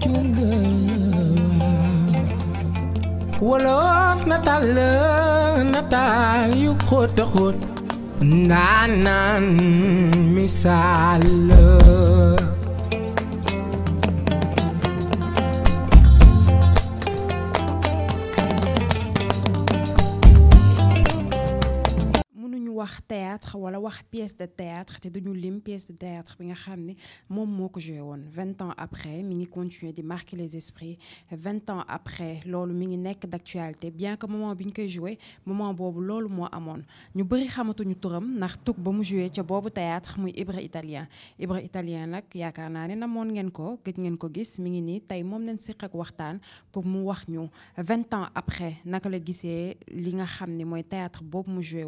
junga wolof nataal la nataal yu xóot a xóot naan naan misaal wax théâtre wala wax pièce de théâtre té duñu lim pièce de théâtre bi nga xamné mom ans après je continue de marquer les esprits 20 ans après loolu mi d'actualité bien que moment koy joué moment ñu turam ba mu joué théâtre muy Italien Ibra Italien ngeen ko gëj ngeen pour ans après la li théâtre mu joué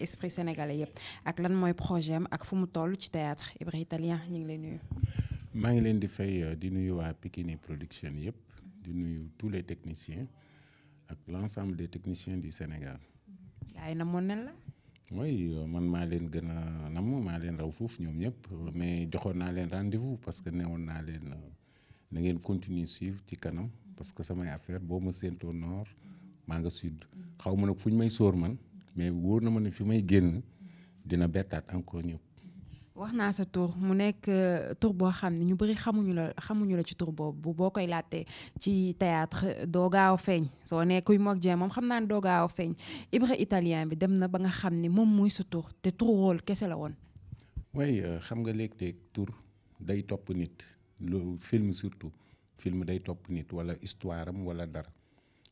esprit acteurs sénégalais yëpp ak lan mooy projet am ak fu mu toll ci théâtre Ibra Italien ñu ngi lay nuyu. maa ngi leen di fay euh, di nuyu waa Pikini production yépp di nuyu tous les techniciens ak l' ensemble des techniciens du Sénégal. yaay na nañ la. oui euh, man maa leen gën a nam maa leen raw foofu ñoom ñëpp mais joxoon naa leen rendez-vous parce que newoon naa leen euh, na ngeen continuer suivre ci kanam parce que samay affaire boo ma séentoo nord maa nga sud xaw ma nag fu may sóor man mais wóor na ma ne fi may génn dina bettaat encore ñëpp. wax naa sa tour mu nekk euh, tour boo xam ne ñu bëri xamuñu la xamuñu la ci tour boobu boo koy laajte ci théâtre doo gaaw feeñ soo ne kuy moog jee moom xam naa ne doo gaaw feeñ Ibra italien bi dem na ba nga xam ne moom muy sa tour te turu rôle kese la woon. way euh, xam nga léeg-léeg tour day topp nit lu film surtout film day topp nit wala histoire am wala dara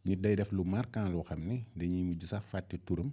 nit day def lu marquant loo xam ne dañuy mujj sax fàtte turam.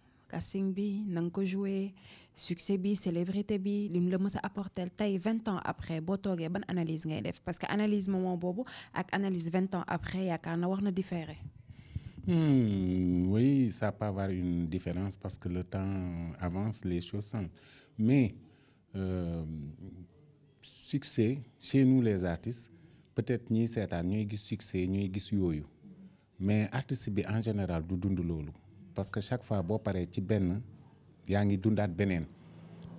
casting bi na succès bi célébrité bi lim le mës a apporter tey 20 ans après Il y ban analyse ngay def parce que analyse moment bobu ak analyse 20 ans après il y a des hmm oui ça peut avoir une différence parce que le temps avance les choses changent mais euh, succès chez nous les artistes peut-être que nous ñooy gis succès ñooy gis yoyu mais artiste bi en général du dund lolu parce que chaque fois bo paré ci ben yaa ngi dundaat beneen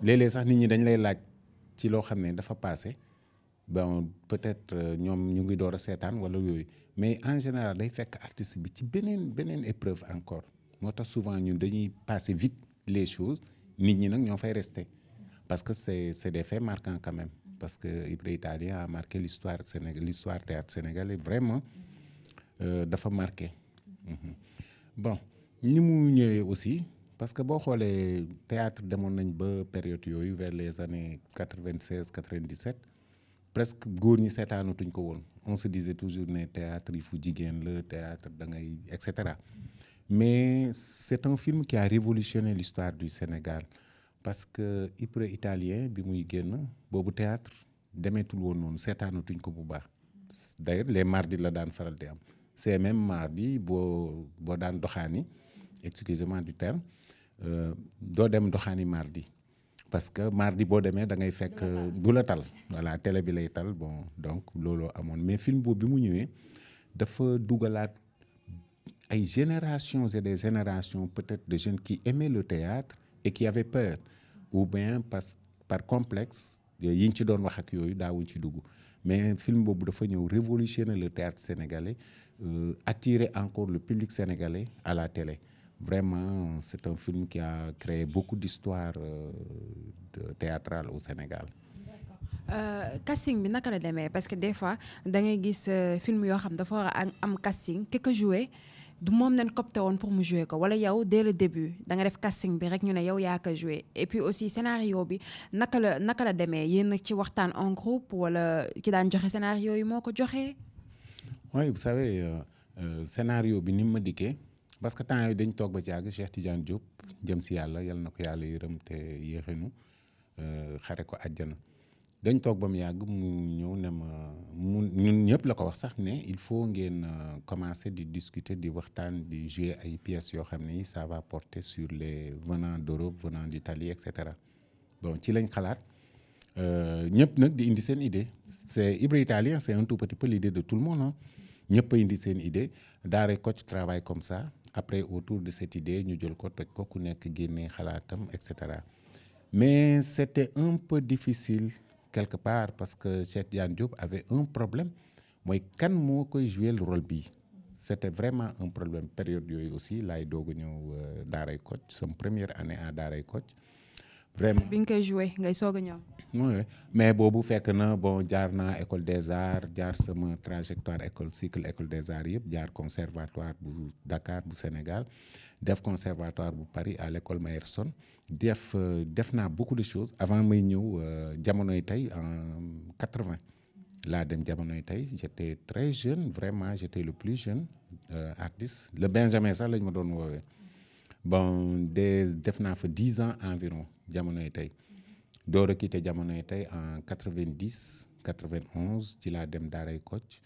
léeg sax nit ñi dañ lay laaj ci lo xamné dafa passé bon peut-être euh, ñom ñu ngi doora sétane wala yoy mais en général day fekk artiste bi ci benen benen épreuve encore moo souvent ñun dañuy passer vite les choses nit ñi nak ñoo fay rester parce que c'est c'est des faits marquants quand même parce que Ibra Italien a marqué l'histoire sénégalaise l'histoire théâtre sénégalais vraiment euh, dafa marqué mhm. bon ni mu aussi parce que boo xoolee théâtre demoon nañ ba période yooyu vers les années 96-97, presque góor ñi seetaanatuñ ko woon on se disait toujours ne théâtre yi fu jigéen la théâtre da ngay mais c'est un film qui a révolutionné l'histoire du Sénégal parce que Ibra italien bi muy génn boobu théâtre demeetul woon noonu seetaanatuñ ko bu baax d'ailleurs les mardis la daan faral di am c'est même mardi boo boo daan doxaani excusez-moi du terme euh, do dem doxaani mardi parce que mardi bo demé da ngay fekk du la tal voilà télé bi lay tal bon donc lolo amone. mais film boobu bi mu ñëwee dafa dougalat ay générations et des générations peut-être de jeunes qui aimaient le théâtre et qui avaient peur ou bien parce par complexe yi ñu ci doon wax ak da daawuñ ci dugg mais film boobu dafa ñëw révolutionner le théâtre sénégalais euh, attirer encore le public sénégalais à la télé Vraiment, c'est un film qui a créé beaucoup d'histoires euh, théâtrales au Sénégal. Euh, casting bi n'importe la parce que des fois da ngay gis euh, film yoo xam dafa war a am casting ki ko du moment leen copté pour me jouer ko wala yow dès le début da nga def casting bi rek ñu ne yow yaa ko jouer. et puis aussi scénario bi naka la y la demee qui ci waxtaan en groupe wala ki dans le scénario yi moo ko joxe. oui vous savez scénario bi ni mu parce que temps yooyu dañ toog ba ci yàgg Cheikh Tidiane Diop jëm si yàlla yal na ko yàlla yërëm te yéexinu euh, xare ko àjjana dañ toog ba mu yàgg mu ñëw ne ma mu ñun ñëpp la ko wax sax ne il faut ngeen euh, commencer di discuter di waxtaan di jouer ay pièces yoo xam ne ça va porter sur les venant d'Europe venant d'Italie et cetera bon ci lañ xalaat euh, ñëpp nag di indi seen idée c'est Ibra Italien c'est un tout petit peu l'idée de tout le monde ah ñëpp a indi seen idée Daare Kocc travail comme ça après autour de cette idée nous jël ko toj ko ku nekk génne xalaatam etc mais c'était un peu difficile quelque part parce que Cheikh Diane Diop avait un problème mooy kan moo koy jouer le rôle c'était vraiment un problème période yooyu aussi laay doog a ñëw euh, Daaray coach son première année à Daaray coachs vraiment joué ngay soga mais bobu fekk na bon jaar na école des arts jaar sama trajectoire école cycle école des arts yeb jaar conservatoire bu Dakar bu Sénégal def conservatoire bu Paris à l'école Meyerson def euh, def na beaucoup de choses avant may ñew euh, jamono tay en 80 Là, dem jamono tay j'étais très jeune vraiment j'étais le plus jeune euh, artiste le Benjamin ça, lañ ma doon wowe bon des defnaf 10 ans environ jamono tay doro j'ai jamono en 90 91 ci la dem daray coach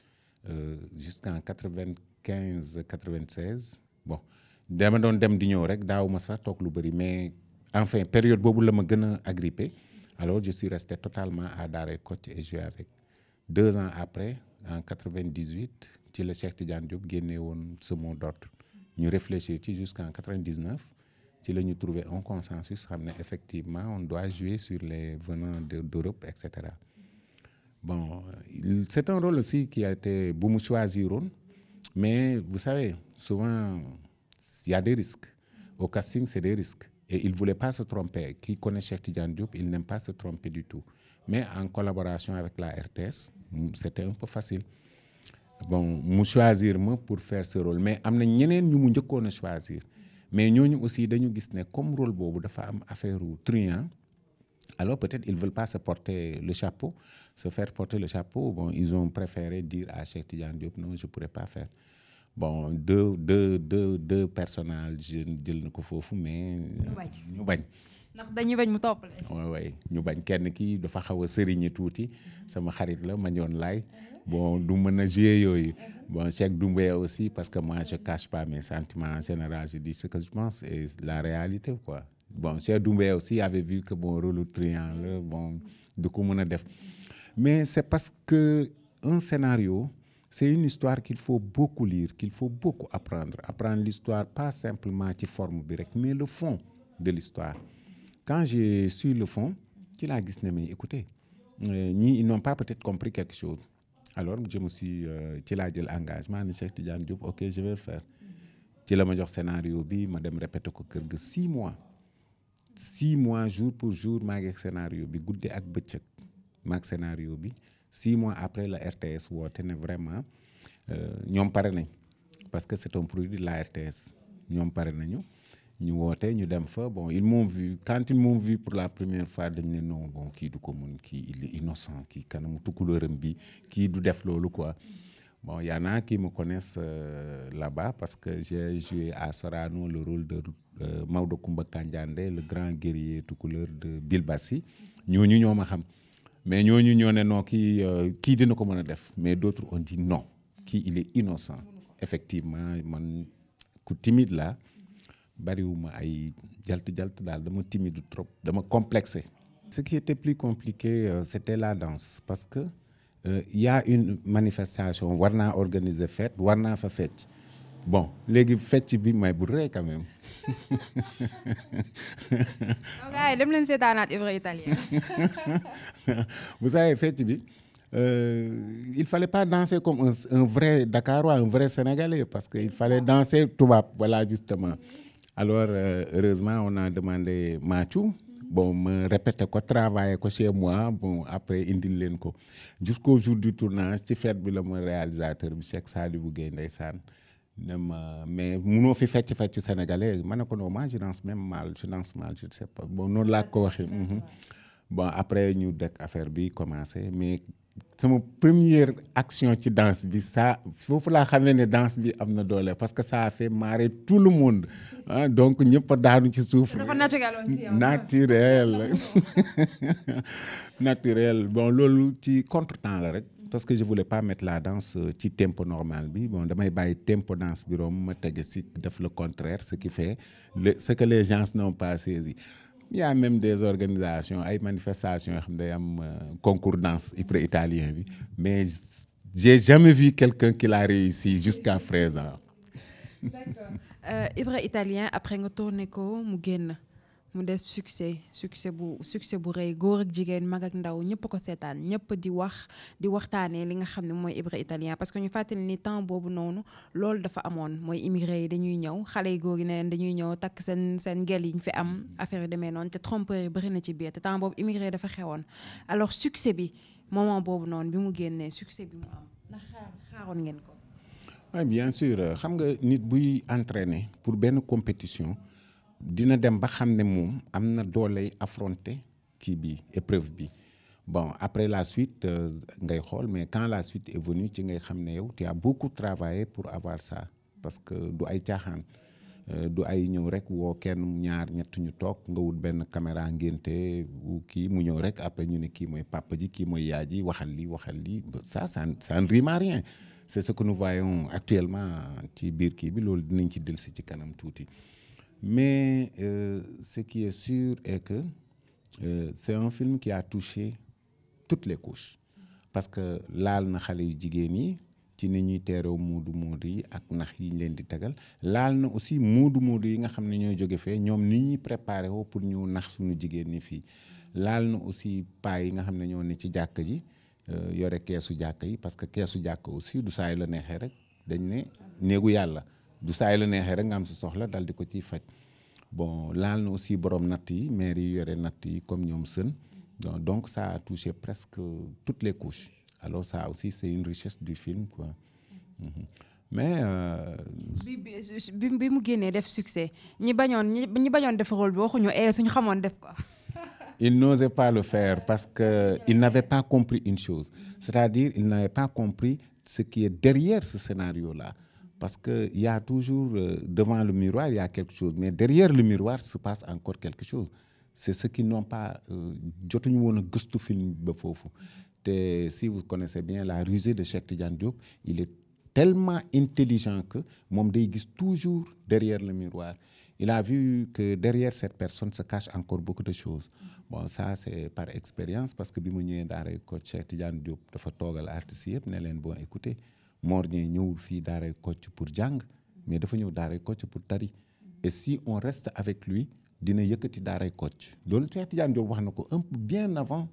euh, jusqu'en 95 96 bon j'ai don dem di ñew rek daaw ma sa tok lu bari mais enfin période bobu la ma agrippé alors je suis resté totalement à daray coach et suis avec deux ans après en 98 ci le cheikh tidiane diop génné won ce mot d'ordre nous réfléchir jusqu'en 99 Si nous trouvé un consensus effectivement on doit jouer sur les venants d'Europe etc. bon c'est un rôle aussi qui a été choisi choisi, mais vous savez souvent il y a des risques au casting c'est des risques et il voulait pas se tromper qui connaît Cheikh Tidiane Diop il n'aime pas se tromper du tout mais en collaboration avec la RTS c'était un peu facile bon mu choisir ma pour faire ce rôle mais am na ñeneen ñu mu njëkkoon a choisir mais ñooñu aussi dañu gis ne comme rôle boobu dafa am affaire truand alors peut-être ils veulent pas se porter le chapeau se faire porter le chapeau bon ils ont préféré dire à Cheikh Tidiane Diop non je pourrais pas faire bon deux deux deux deux personnages jël na ko foofu mais ñu bañ ndax dañuy bañ mu toppale. waaw waay ñu bañ kenn kii dafa xaw a sëriñi tuuti mhm. sama xarit la mhm. bon du mën a mhm. bon Cheikh doumbé aussi parce que moi je cache pas mes sentiments en général je dis ce que je pense et la réalité quoi bon Cheikh doumbé aussi avait vu que bon rôle triant la bon de ko mais c'est parce que un scénario c'est une histoire qu'il faut beaucoup lire qu'il faut beaucoup apprendre apprendre l'histoire pas simplement la forme bi mais le fond de l'histoire quand j'ai su le fond ci laa dit mais écoutez ni euh, ils n'ont pas peut-être compris quelque chose alors je me suis euh, ci laa l'engagement. engagement ni Cheikh Tidiane Diop ok je vais faire le la ma scénario bi ma dem répété ko six mois six mois jour pour jour je ngi scénario bi gudde ak scénario six mois après la RTS woote vraiment, vraiment Ils ont parlé. parce que c'est un produit de la RTS ñoom pare nañu ñu woote ñu bon ils m'ont vu quand ils m'ont vu pour la première fois dañ dit non bon qui du ko qui il est innocent qui tout couleur bi qui du def quoi bon y en a qui me connaissent euh, là-bas parce que j'ai joué à Sorano le rôle de euh, Kumba Kandiande le grand guerrier tout couleur de Bilbassi Nous, ñoo ma mais nous, ñoo ne non kii euh, kii dina ko def mais d'autres ont dit non qui il est innocent effectivement man ku timide là bariwuma ay jalt jalt daal dama timide trop dama complexé. ce qui était plus compliqué euh, c'était la danse parce que euh, y a une manifestation war naa organiser fête war naa fa fête. bon léegi fecc bi may bu quand même. gars yi dem leen seetaanaat en italien. vous savez fecc bi. Euh, il fallait pas danser comme un, un vrai Dakarois, un vrai Sénégalais, parce qu'il fallait danser tout bas, voilà justement. Alors, euh, heureusement, on a demandé Mathieu. Bon, me répéter quoi, travailler quoi chez moi, bon, après, il len ko. Jusqu'au jour du tournage, ci fête bi mon réalisateur bi Cheikh Salibou Gueye ndeysane. mais fait fait fecc fecc sénégalais, ma ne Sénégalais, moi je danse même mal, je danse mal, je ne sais pas. Bon, on l'a ko mhm. Bon, après ñu a affaire bi commencé, mais c'est ma première action ci danse il ça que que la danse bi amna parce que ça a fait marrer tout le monde hein. donc donc nous a pas ci qui dafa naturel hein. naturel naturel bon c'est ci contretemps la parce que je ne voulais pas mettre la danse le tempo normal bi bon mettre le tempo danse bi bureau, je vais faire le contraire ce qui fait ce que les gens n'ont pas saisi. Il y a même des organisations des manifestations qui euh, ont concours concordance italien mais j'ai jamais vu quelqu'un qui l'a réussi jusqu'à présent. D'accord. Euh, italien après nga tourné mu mu def succès succès bu succès bu rëy góor ak jigéen mag ak ndaw ñëpp ko seetaan ñëpp di wax di waxtaanee li nga xam ne mooy Ibra Italien parce que ñu fàttali ni temps boobu noonu loolu dafa amoon mooy immigré yi dañuy ñëw xale yi góor yi ne dañuy ñëw takk seen seen gel yi ñu fi am affaire yi demee noonu te trompeur yi bëri na ci biir te temps boobu immigré dafa xewoon alors succès bi moment boobu noonu bi mu génnee succès bi mu am na xaar xaaroon ngeen ko. oui bien sûr xam nga nit buy entraîner pour benn compétition dina dem ba xamné mom amna am affronter ki bi épreuve bi bon après la suite euh, ngay xol mais quand la suite est venue ci ngay xamné yow tu as beaucoup travaillé pour avoir ça parce que du ay caaxaan euh, du ay ñëw rek wo kenn ñaar ñett ñu tok nga wut ben caméra ngénte ki mu ñëw rek après ñu ne ki moy papa ji ki moy yaay ji waxal li waxal li ça ça ça ne rime rien c'est ce que nous voyons actuellement ci bir ki bi loolu dinañ ci del ci kanam touti. Mais euh, ce qui est sûr est que euh, c'est un film qui a touché toutes les couches. parce que l'al na xale yu ci ni ñuy teeroo muudu muudu yi ak nax yi ñu leen di tegal laal na aussi muudu muudu yi nga xam ne ñooy jóge fee ñoom ni ñuy préparé woo pour ñu nax suñu jigéen ni fii laal na aussi paa yi nga xam ne ñoo ne ci jàkk ji euh, yore keesu jàkk yi parce que keesu jàkk aussi du saay la neexee rek dañ ne néegu yàlla du saay la neexee rek nga am si soxla dal di ko ci fajj bon laal na aussi borom natt yi maire yi yore comme ñom seun donc ça a touché presque toutes les couches alors ça aussi c'est une richesse du film quoi mhm. mais. Euh, bi bi bi mu guéné def succès ñi bañon ñi bañon def rôle bi ñu eh, suñu xamone def quoi il n'osait pas le faire parce que il n'avait pas compris une chose c'est-à-dire il n'avait pas compris ce qui est derrière ce scénario-là. Parce qu'il y a toujours, euh, devant le miroir, il y a quelque chose. Mais derrière le miroir se passe encore quelque chose. C'est ce qui n'ont pas... Euh, si vous connaissez bien la rusée de Cheikh Tidjane Diop, il est tellement intelligent que mom toujours derrière le miroir. Il a vu que derrière cette personne se cache encore beaucoup de choses. Bon, ça, c'est par expérience, parce que Bimounier Dare Cheikh Tidjane Diop, de photographe artiste, ne écoutez, Mor Dieng ñëwul fii daaray Kocc pour jàng mais dafa ñëw daaray Kocc pour tari et si on reste avec lui dina yëkkati daaray Kocc loolu Cheikh Tidiane Diop wax na ko un bien avant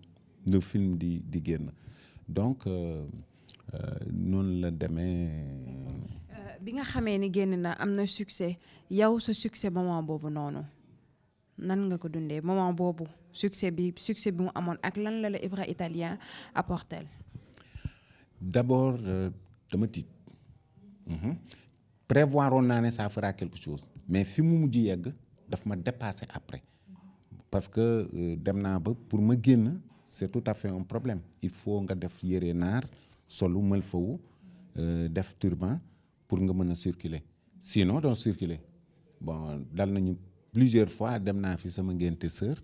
le film di di génn donc euh, euh, noonu la demee. Euh, bi nga xamee ni génn na am na succès yow sa succès moment boobu noonu nan nga ko dundee moment boobu succès bi succès bi mu amoon ak lan la la Ibra Italien apportel d'abord dama mhm. prévoir on naa ça fera quelque chose mais fi mu mujj yegg daf ma dépasser après parce que euh, dem ba pour ma guen c'est tout à fait un problème il faut nga def yéré nar solo mel fawu euh, def turban pour nga meuna circuler sinon doo circuler bon dal nañu plusieurs fois dem naa fi sama ngénte sœur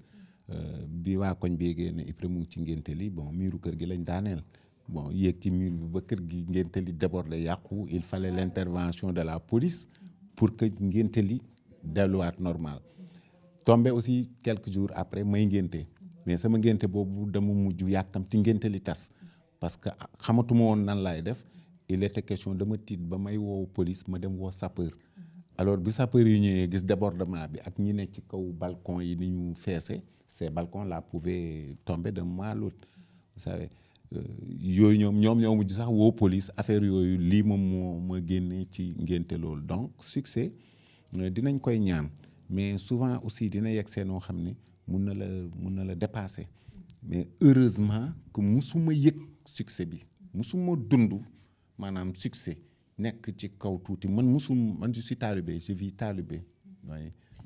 euh, bi wa koñ bi génne Ibrahima mu ci ngénte li bon miiru kër gi lañ danel bon il ci mur bi ba kër gi ngénte li il fallait l'intervention de la police pour que ngénte li normal tombé aussi quelques jours après may ngenté mais sama ngenté bobu dama muju yakam ti ngenteli tas parce que xamatuma won nan lay def il était question de dama tiit ba may wo police ma dem wo sapeur alors bi sapeur yi ñëwee gis débordement bi ak ñi ne ci kaw balcon yi ni ñu feese ces balcons là pouvaient tomber de moi l'autre vous savez yooyu ñoom ñoom ñoo mujj sax woo police affaire yooyu lii moom moo ma génne ci ngénte loolu donc succès euh, dinañ koy ñaan mais souvent aussi dina yegg see noo xam ne mun na la mun na la dépasser mais heureusement que musuma yëg succès bi musuma dund maanaam succès nekk ci kaw tuuti man musum man je suis talibé je vis talibé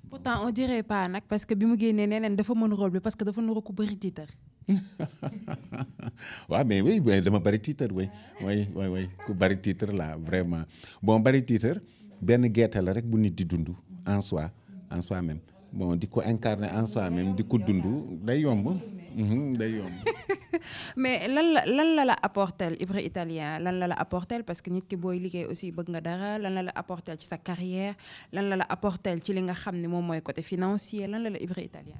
pourtant on dirait pas nag parce que bi mu génnee nee dafa mën rôle bi parce que dafa nuru ko bëri tiitar Ouais mais oui dama bari tiitar oui oui oui oui ku bari tiitar là vraiment bon bari tiitar ben gerte la rek bu nit di dund en soi en soi même bon di ko incarner en soi même di ko dund day yomb mhm, day yomb mais lan la lan la la apportel Ibra Italien lan la la apportel parce que nit ki boy liggéey aussi beug nga dara lan la la apportel ci sa carrière lan la la apportel ci li nga xam mom moy côté financier lan la la Ibra Italien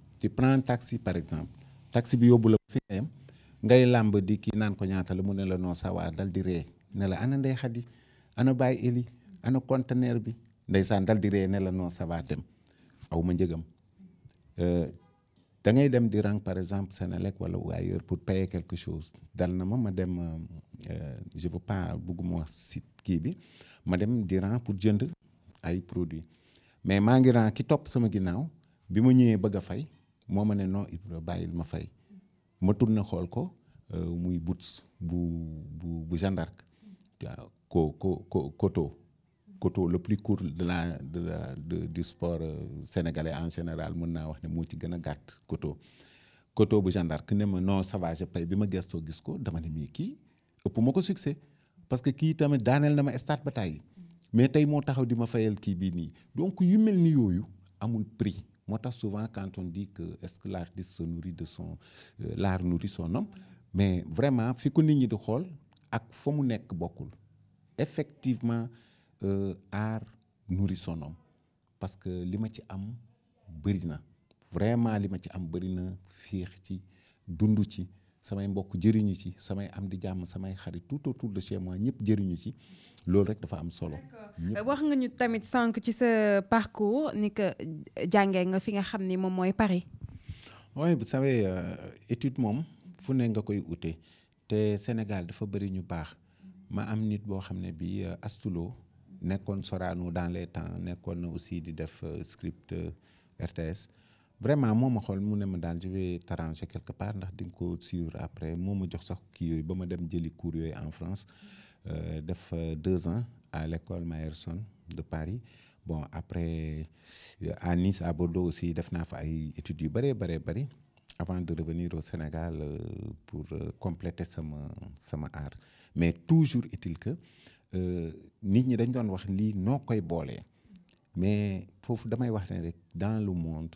tu prends taxi par exemple taxi bi yobul la fi nga ngay lamb di ki naan ko ñaata la mu ne la noo sawaar dal di ree ne la ana ndey xadi ana bay eli ana conteneur bi ndeysaan dal di ree ne la noo sawaar dem aw ma euh da ngay dem di rang par exemple Sénélec wala ailleurs pour payer quelque chose dal na ma ma dem euh, euh, je veux pas bugguma wax site ki bi ma dem di rang pour jënd ay produits mais ma ngi rang ki top sama ginnaaw bi ma ñëwee bëgg fay moo ma ne Ibra bàyyil ma fay ma tourné xool ko euh, muy bu bu bu ko koto koto le plus court de la de du sport euh, sénégalais en général mën wax ne ci koto koto bu ne non ça va je paye gis ko dama ne succès parce que na ma stade mais tey moo taxaw di fayal donc yu amul prix moi souvent quand on dit que est-ce que l'artiste se nourrit de son euh, l'art nourrit son homme mais vraiment fi ko nit ñi di xool ak fa mu effectivement euh, art nourrit son homme parce que li ma ci am bëri vraiment li ma ci am bëri ci ci samay mbokk jëriñu ci samay am di jàmm samay xarit tout autour de chez moi ñëpp jëriñu ci loolu rek dafa am solo. wax nga ñu tamit sànq ci sa parcours ni que jàngee nga fi nga xam ni moom mooy Paris. oui vous savez euh, étude moom fu ne nga koy ute te Sénégal dafa bëri ñu baax ma am nit boo xam ne euh, Astulo nekkoon Sorano dans les temps nekkoon aussi di def euh, script RTS vraiment moma ma xool mu ne ma je vais t'arranger quelque part ndax ding ko suivre après moma jox sax ki yoy bama dem jeli cours yoy en France euh, def euh, deux ans à l'école Meyerson de Paris bon après euh, à Nice à Bordeaux aussi def na fa ay études yu bëree avant de revenir au Sénégal pour compléter sama sama art mais toujours est-il que nit ñi dañ doon wax li nokoy bolé mais fofu damay wax ne rek dans le monde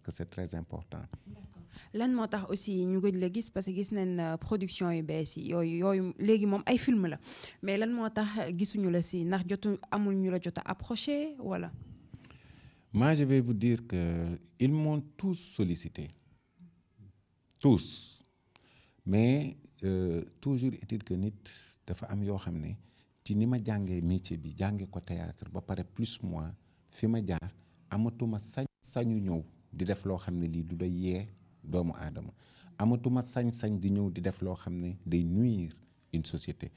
parce que c'est très important. lan moo tax aussi ñu gëj la gis parce que gis nañ euh, production yu bëss yi yoy yoy légui mom ay film la mais lan moo tax gisuñu la si ndax jotu amul ñu la jot a approché wala. moi je vais vous dire que ils m'ont tous sollicité tous mais euh, toujours est-il que nit dafa am yo xamné ci nima ma jàngee métier bi jàngee ko théâtre ba pare plus moins fi ma jaar amatuma sañ sañu ñëw di def lo xamné ne du doomu amatuma sañ-sañ di di def day une société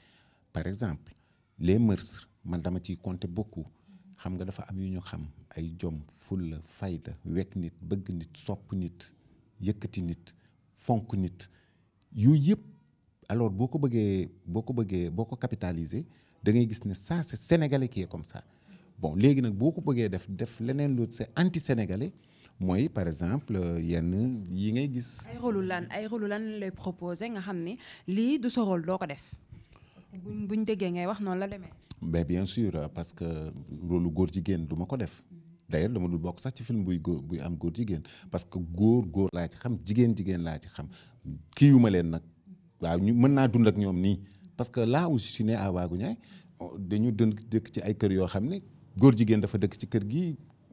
par exemple les mœurs man dama beaucoup xam nga dafa am yu ñu xam ay jom fayda bëgg nit nit nit fonk nit alors boko bëggé boko capitaliser c'est sénégalais qui est comme ça bon c'est anti sénégalais moi, par exemple euh, yenn yi ngay gis. ay rôle lan ay rôle lan lay proposer nga xamni li du sa rôle doo ko def. parce que buñ buñ ngay wax non la démé mais ben, bien sûr euh, parce que rôle góor jigéen du ma ko def. Mm-hmm. d'ailleurs dama dul bok sax ci film buy góor buy am góor jigéen parce que gor gor la ci xam jigéen jigéen la ci xam ki yuma len nak waaw ñu mën dund ak ñom ni parce que là où je suis né à Waagu dañu dënk dëkk ci ay kër yo xamni gor góor dafa dëkk ci kër gi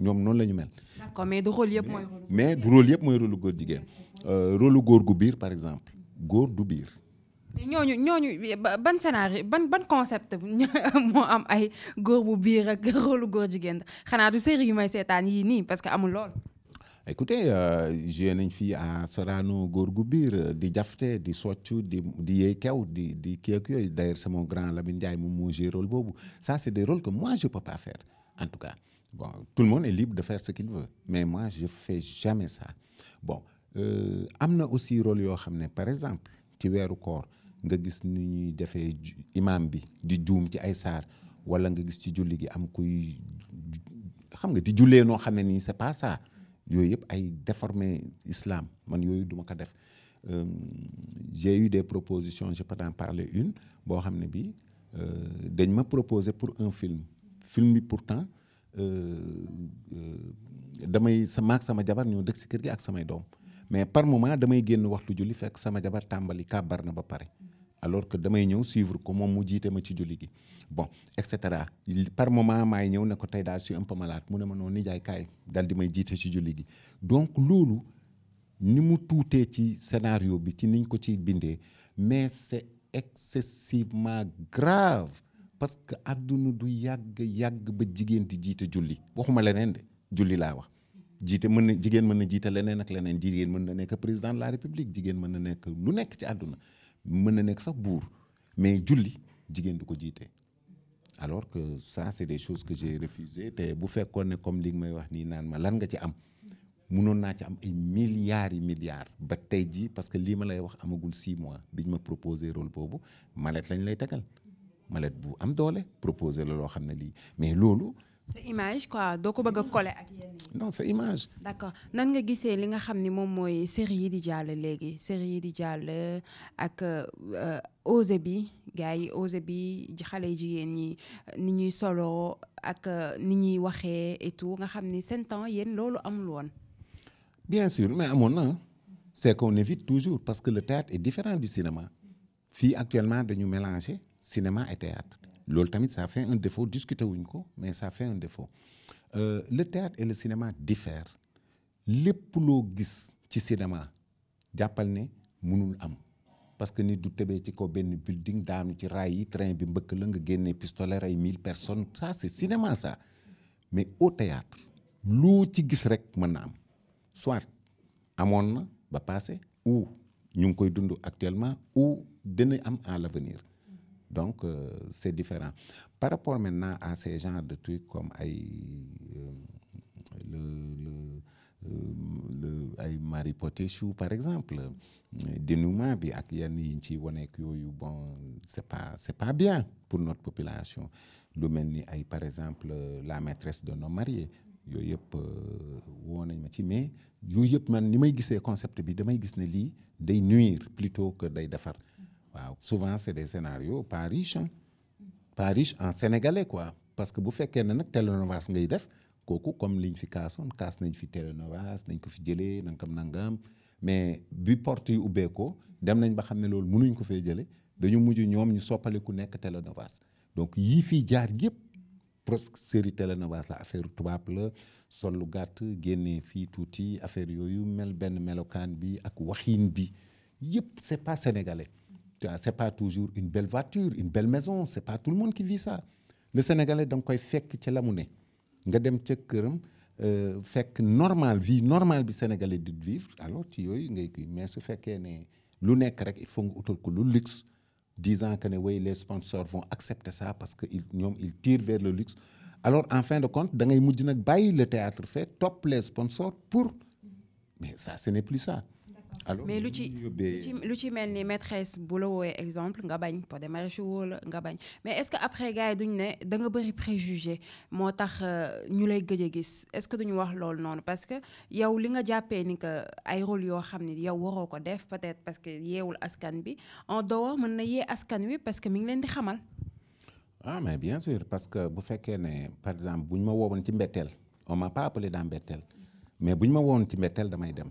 ñom non lañu mel. d'accord mais du rôle moy rôle mais du rôle yëpp moy rôle goor góor euh rôle goor gu bir par exemple goor du bir ñoñu ñoñu ban scénario ban ban concept mo am ay goor bu bir ak rôle goor jigéen xana du série yu may sétane yi ni parce que amul lool. écoutez euh, joué nañ fii à Sorano goor gu bir di jafté di soccu di di yee kew di di kii ak d'ailleurs c'est mon grand Lamine Ndiaye mo mo jé rôle bobu ça c'est des rôles que moi je peux pas faire en tout cas. Bon, tout le monde est libre de faire ce qu'il veut. Mais moi, je ne fais jamais ça. Bon, y euh, a aussi rôle par exemple nga gis ni imam bi di ci ay wala nga am kuy c'est pas ça ay islam man yoy duma ko euh, j'ai eu des propositions je peux en parler une bo euh, ma pour un film film pourtant euh, euh, damay sa sama jabar ñu mais par moment damay génn waxtu julli fekk sama jabar tàmbali kàbbar na ba alors que damay ñëw suivre ko moom mu ma ci bon et par moment may ne un peu malade mu ne ma noonu nijaay kaay dal di may jiite ci julli gi donc loolu ni mu tuutee scénario mais c'est excessivement grave parce que aduna du yag yag ba jigen di jiite julli waxuma leneen de julli laa wax jiite mën jigen jigéen mën na leneen ak leneen jigen mën nek président de la république jigen mën nek lu nek ci aduna mën nek sax mais julli jigen du ko jiite. alors que ça c'est des choses que j'ai refusé te bu fekkone comme li may wax ni nan ma lan nga ci am mënoon naa ci am ay milliards et milliards ba tey parce que li ma lay wax amagul 6 mois biñ ma proposé rôle bobu malet lañ lay tegal mallette bu am doole proposer la loo xam ne lii mais loolu. sa image quoi doo ko bëgg a coller ak yenn non sa image. d' accord nan nga gisee li nga xam ni moom mooy série yi di jàll léegi série yi di jàll ak euh, osé bi gars yi osé bi xale jigéen ñi ni ñuy solo ak euh, ni ñuy waxee et tout nga xam ni seen temps yéen loolu amul woon. bien sûr mais amoon na c' est qu'on évite toujours parce que le théâtre est différent du cinéma fii actuellement dañu mélanger cinéma et théâtre loolu ça fait un défaut discutez vous mais ça fait un défaut euh, le théâtre et le cinéma diffèrent Le loo gis ci cinéma jàppal ne am parce que nous du le ci kaw un building daanu ci raay train bi mbëkk des nga génnee pistolet rey mille personnes ça c'est cinéma ça mais au théâtre loo ci gis rek soit à mon ba passé ou nous avons koy actuellement ou nous am à l'avenir donc, euh, c'est différent. Par rapport maintenant à ces genres de trucs comme euh, le, le, euh, le Marie Potechou, par exemple, dénouement, bon, c'est pas, pas bien pour notre population. par exemple, la maîtresse de nos mariés. ils mais man ni may concept bi damay nuire plutôt que day bah, souvent, c'est des scénarios pas riches. Hein? pas riches en sénégalais, quoi. Parce que bu fekkee ne nag télénovas ngay def koku comme liñ fi kaasoon kaas nañ fi télénovas nañ ko fi jëlee nangam nangam mais bu porte yu ubbeekoo dem nañ ba xamné lool mënuñ ko fee jëlee dañu muju ñom ñu soppalé ku nekk télénovas donc yi fi jaar yépp presque série télénovas la affaire tubaab la sol gatt génné fi touti affaire yoyu mel ben melokaan bi ak waxine bi yépp c'est pas sénégalais. Hein, ce n'est pas toujours une belle voiture une belle maison Ce n'est pas tout le monde qui vit ça le sénégalais donc fait koy c'est la monnaie. Ils nga dem ca euh, normal vie normale bi sénégalais de vivre alors tu mais ce fait qu'il lu a il faut luxe disant que les sponsors vont accepter ça parce qu'ils ils tirent vers le luxe alors en fin de compte ils ngay mujj que le théâtre fait top les sponsors pour mais ça ce n'est plus ça mais lu ben- ci lu ci melni maîtresse bu la woowee exemple nga bañ pot de mariage woo nga bañ mais est-ce que après gars yi duñ né da nga bëri préjugé motax euh, ñu lay gëj gis est-ce que duñ wax lool non parce que yow li nga jappé ni que ay rôle yo xamni yow waroo ko def peut-être parce que yeewul askan bi en dehors mën na yé askan wi parce que mi ngi leen di xamal. ah mais bien sûr parce que bu féké ne par exemple buñ ma woowoon ci mbétel on m'a pas appelé dans mbétel mais buñ ma woowoon ci mbétel damay dem.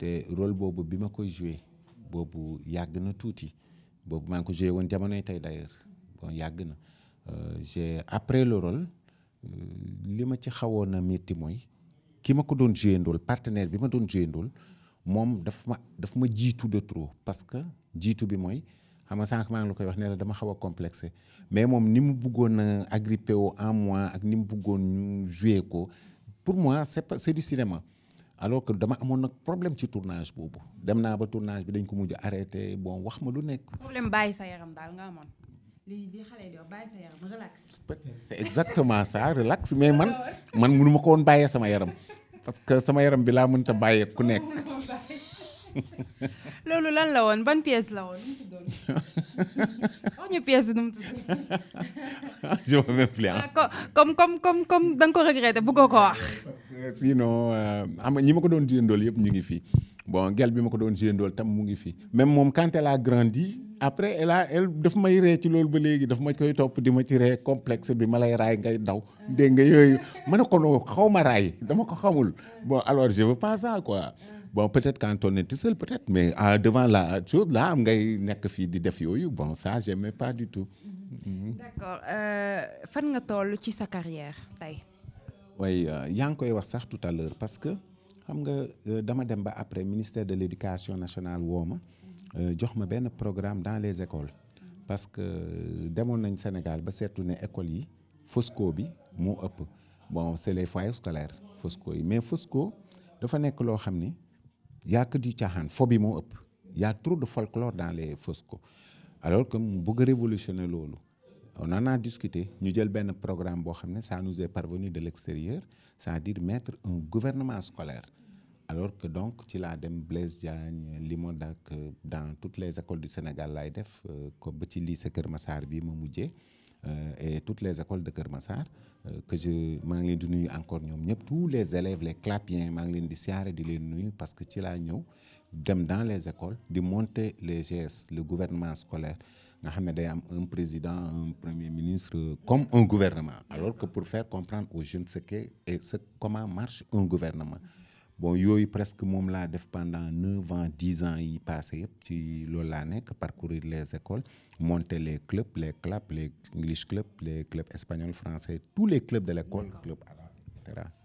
le rôle boobu bi ma koy joué boobu yàgg Touti, tuuti Manko maa ngi ko joué woon d'ailleurs bon yàgg euh, j'ai après le rôle euh, les ma ci xawoon a métti ki ma ko doon joué rôle partenaire bi ma doon joué mom moom daf ma daf ma de trop parce que dit bi mooy xam nga sànq maa ngi la koy wax ne la dama complexé mais mom ni mu bëggoon agrippé au en moi ak ni mu ñu joué ko pour moi c'est c'est du cinéma alors que dama amoon nag problème ci tournage boobu dem naa ba tournage bi dañ ko mujj arrêté bon wax ma lu nekk. problème bàyyi sa yaram daal nga amoon. lii di xale di wax bàyyi sa yaram mais man man mënu ma bàyyee sama yaram parce que sama yaram bi laa mënta bàyyee ku nekk. loolu lan la woon ban pièce la woon nu mu tuddoon wax oh, ñu pièce bi nu mu tuddoon. je me mets plus ah, comme comme comme comme da nga ko regretté bëggoo ko wax. sinon euh, ma ko doon jëndool yëpp ñu ngi fi bon gel bi ma ko doon jëndool tam mu ngi fi même moom quand elle a grandi après elle a elle may ree ci loolu ba léegi daf ma koy topp di ma ci ree complexe bi ma lay raay ngay daw dégg nga yooyu ma ne ko xaw ma raay dama ko xamul bon alors je veux pas ça bon peut-être quand on est tout seul peut-être mais ah, devant la chose là am ngay pas fii di def bon ça j'aimais pas du tout. Mm-hmm. Mm-hmm. d'accord euh, fan nga toll ci sa carrière tay oui euh, yang koy wax ça tout à l'heure parce que xam nga euh, dama dem ba après ministère de l'éducation nationale woma y jox ma programme dans les écoles parce que demone au Sénégal ba seetlu ne écoles yi Fosco bi mo bon c'est les foyers scolaires Fosco mais Fosco dafa nekk loo xam y a que du tchahan, il bi y a trop de folklore dans les FOSCO alors que nous révolutionner on en a discuté ñu jël un programme qui ça nous est parvenu de l'extérieur c'est-à-dire mettre un gouvernement scolaire alors que donc ci a dem Blaise Diagne Limondac, euh, dans toutes les écoles du Sénégal l'AIDEF, def euh, ko ba ci lycée Kermassar euh, et toutes les écoles de Kermassar. Euh, que je de encore tous les élèves les CLAPiens maa parce que c'est la ñëw dans les écoles de monter les gestes le gouvernement scolaire nga un président un premier ministre comme un gouvernement alors que pour faire comprendre aux jeunes ce qu'est et comment marche un gouvernement bon yooyu presque mom la def pendant 9 ans 10 ans yi passé ci loolu la nek parcourir les écoles monter les clubs les clubs les English club les clubs espagnols français tous les clubs de l'école club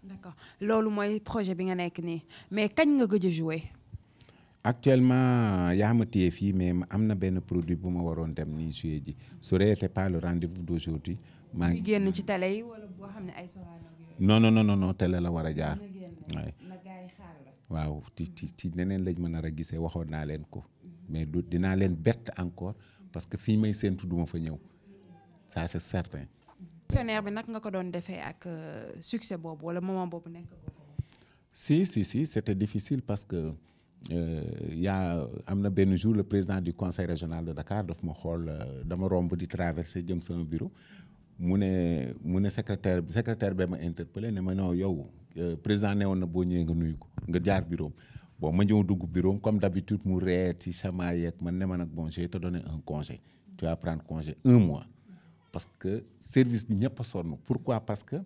d'accord loolu moy projet bi nga nek ni mais kañ nga gëj jouer actuellement yaa ma téye mais je n'ai pas produit produits pour dem ni jouer ji était pas le rendez-vous d'aujourd'hui maa ngi génn ci télé yi wala non non non non télé la wara bàyyi xaal la waaw ci ci ci mm-hmm. neneen lañ mën a a gisee waxoon naa leen ko mm-hmm. mais du dinaa leen bett encore parce que fii may séentu ma fa ñëw ça c'est certain. questionnaire bi nag nga ko doon defee ak euh, succès boobu wala moment boobu nekk ko. si si si c'était difficile parce que euh, yaa am na benn jour le président du conseil régional de Dakar daf ma xool euh, dama romb di traverser jëm sama bureau mu ne mu ne secrétaire secrétaire ba ma interpellé ne ma non yow. Euh, président ne woon na boo ñëwee nga nuyu ko nga jaar bureau bon ma ñëw dugg bureau comme d'habitude mu reet ci sama yeeg man ne ma nag bon je te donné un congé tu vas congé un mois parce que service bi ñëpp a sonn pourquoi parce que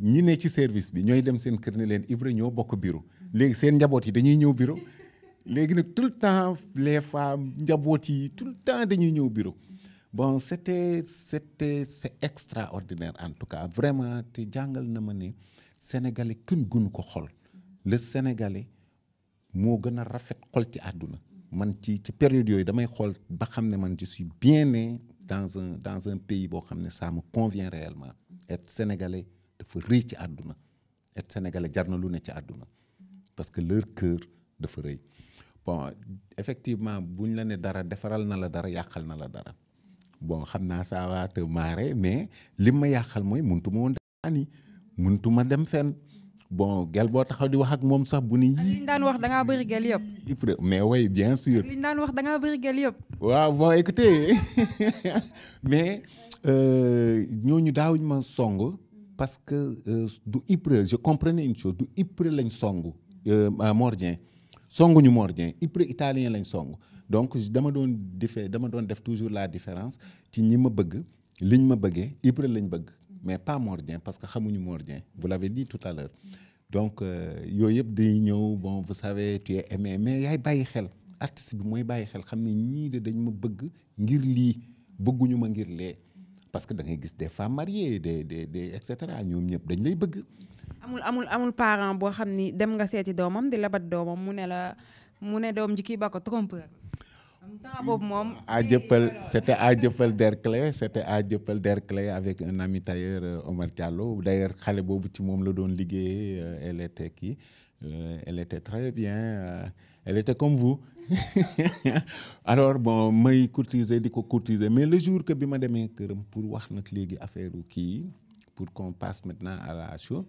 ñi ne ci service bi ñooy dem seen kër ne leen Ibra ñoo bokk bureau léegi seen njaboot yi dañuy ñëw bureau léegi nag tout le temps les femmes njaboot yi tout le temps dañuy ñëw bureau bon c'était c'était c'est extraordinaire en tout cas vraiment te jàngal na ma ne sénégalais kun gënu ko xol le sénégalais mo gëna rafet xol ci aduna man ci ci période yooyu damay xol ba xamné ne man je suis bien né dans un dans un pays bo xamné ne ça me convient réellement être sénégalais dafa reuy ci aduna être sénégalais jarna lu ne ci aduna parce que leur cœur dafa reuy bon effectivement buñ la ne dara défaral na la dara yakal na la dara bon xamna ça va te marrer mais li ma yàqal mooy muntu ma woon def je dem fenn bon gel boo taxaw di wax ak moom sax bu ni. mais oui bien sûr. wax da gel bon écoutez mais euh, ñooñu ma song parce que euh, du je comprenais une chose du lañ song euh, Mordien songuñu Mordien italien lañ song donc dama doon dama toujours la différence bëgg liñ mais pas mordien parce que xamuñu mordien vous l'avez dit tout à l'heure donc euh, yooyu yëpp day bon vous savez tu es aimé mais yaay bàyyi xel artiste bi mooy bàyyi xel xam ne ñii de dañ ma bëgg ngir lii bëgguñu ma ngir parce que da gis des femmes mariées des des des etc. cetera ñoom ñëpp dañ lay bëgg. amul amul amul parent bo xam dem nga séti domam di labat domam mu ne la mu ne doom ji ki ba ko trompeur c'était à c'était avec un ami tailleur euh, Omar d'ailleurs euh, elle était qui euh, elle était très bien elle était comme vous alors bon may courtiser mais le jour que je suis allé pour pour qu'on passe maintenant à la chose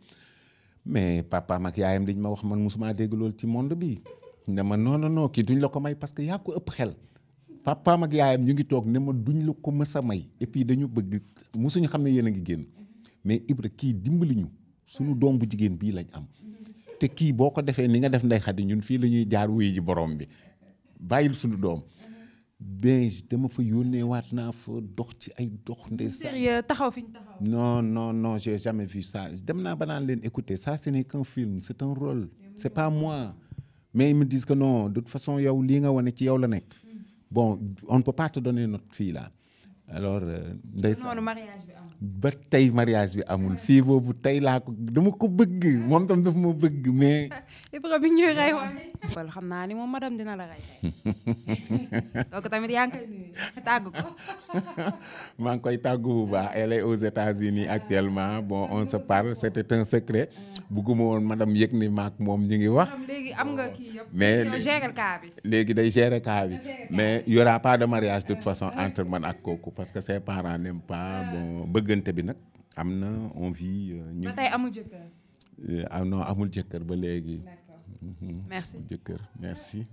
mais papa ma monde bi non non non parce qu'il papa ak yaayam ñu ngi toog ne ma duñ la ko mës may et puis dañu bëgg mosuñu xam ne yéen a ngi génn mais Ibra kii dimbaliñu suñu doom bu jigéen bii lañ am te kii boo ko defee ni nga def ndey xadi ñun fii la ñuy jaar wuy ji borom bi bàyyil suñu doom ben dama fa yónnee waat naa fa dox ci ay dox ndeysaan sérieux taxaw fi ñu taxaw non non non j'ai jamais vu ça dem naa ba naan leen écouter ça ce n'est un film c'est un rôle c'est pas moi mais ils me disent que non de toute façon yow lii nga wane ci yow la nekk Bon, on ne peut pas te donner notre fille là. alors euh, ndeysaan noonu mariage bi amul ba tay mariage bi amul fi bobu tay la ko dama ko bëgg moom tam daf ma bëgg mais. Ibra bi ñuy rey wala xam naa ni moom madame dina la ray kooku tamit yaa ngi koy ko. maa ngi koy tàggu bu baax elle est aux États-Unis actuellement bon on se parle c'était un secret bugguma woon madame yëg ni maak moom ñu ngi wax. légui am nga ki yëpp. mais ka bi légui day gérer ka bi. mais il y aura pas de mariage de toute façon entre man ak kooku parce que ses parents n'aiment pas ah. bon bëggante bi nak amna on vit. Euh, ñu ba tey amul jëkkër. Euh, ah non amul jëkkër ba légui. d'accord mhm. merci jëkkër merci.